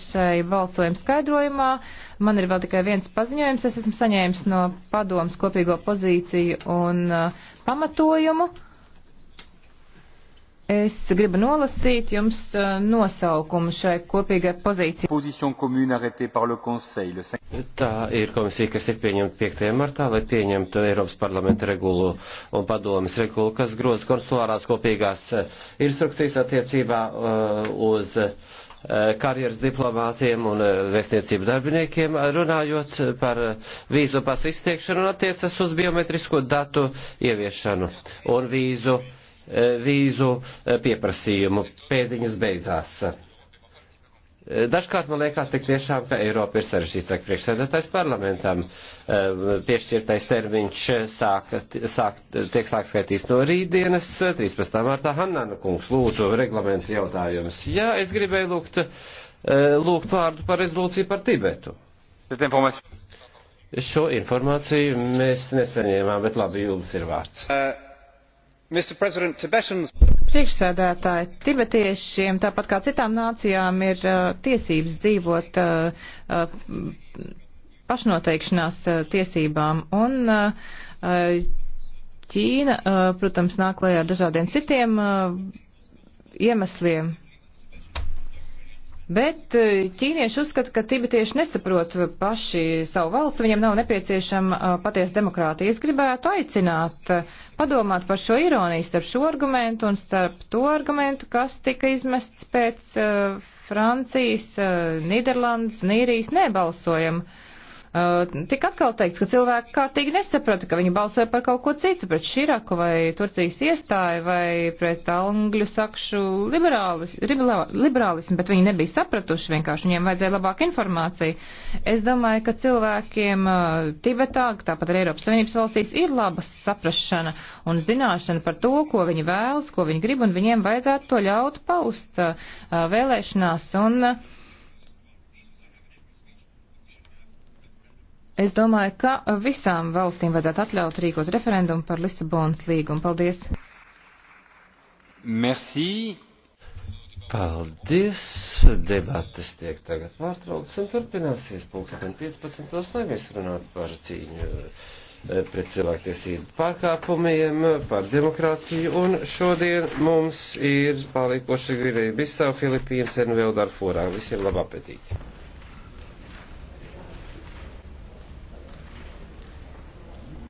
šai balsojuma skaidrojumā. Man ir vēl tikai viens paziņojums. Es esmu saņēmis no padomas kopīgo pozīciju un uh, pamatojumu. Es gribu nolasīt jums uh, nosaukumu šai kopīgai pozīcijai. Tā ir komisija, kas ir pieņemta 5. martā, lai pieņemtu Eiropas parlamenta regulu un padomas regulu, kas groz konsulārās kopīgās uh, instrukcijas attiecībā uh, uz. Uh, Eh, karjeras diplomātiem un eh, vēstniecību darbiniekiem, eh, runājot par vīzu pasu izsniegšanu un attiecas uz biometrisko datu ieviešanu un vīzu, vīzu pieprasījumu. Pēdiņas beidzās. Eh, dažkārt man liekas tik tiešām, ka Eiropa ir sarežģīta priekšsēdētājs parlamentam. Eh, piešķirtais termiņš sāk, sāk, tiek sāk skaitīs no rītdienas, 13. Eh, martā. Hannana kungs, lūdzu, reglamentu jautājums. Jā, es gribēju lūgt, lūgt vārdu par rezolūciju par Tibetu. Šo informāciju mēs nesaņēmām, bet labi, jums ir vārds. Uh. Priekšsēdētāji, tibetiešiem, tāpat kā citām nācijām, ir uh, tiesības dzīvot uh, uh, pašnoteikšanās uh, tiesībām. Un, uh, uh Ķīna, uh, protams, nāk klajā ar dažādiem citiem uh, iemesliem, Bet e, ķīnieši uzskata, ka tibetieši nesaprot paši savu valstu, viņiem nav nepieciešama e, patiesa demokrātija. Es gribētu aicināt e, padomāt par šo ironiju starp šo argumentu un starp to argumentu, kas tika izmests pēc Francijas, Nīderlandes un Īrijas nebalsojuma. Uh, tik atkal teikts, ka cilvēki kārtīgi nesaprata, ka viņi balsoja par kaut ko citu, pret Širaku vai Turcijas iestāju vai pret angļu sakšu liberālis, liberālismu, bet viņi nebija sapratuši vienkārši, viņiem vajadzēja labāku informāciju. Es domāju, ka cilvēkiem uh, Tibetā, tāpat arī Eiropas Savienības valstīs, ir laba saprašana un zināšana par to, ko viņi vēlas, ko viņi grib, un viņiem vajadzētu to ļaut paust uh, vēlēšanās. Un, uh, Es domāju, ka visām valstīm vajadzētu atļaut rīkot referendumu par Lisabonas līgumu. Paldies! Merci! Paldies! Debates tiek tagad pārtrauktas un turpināsies pulksten 15. lai mēs runātu par cīņu eh, pret cilvēktiesību pārkāpumiem, par demokrātiju, un šodien mums ir palikoši Gvinēja Bisau, Filipīnas, NVO Darfūrā. Visiem labu apetīti!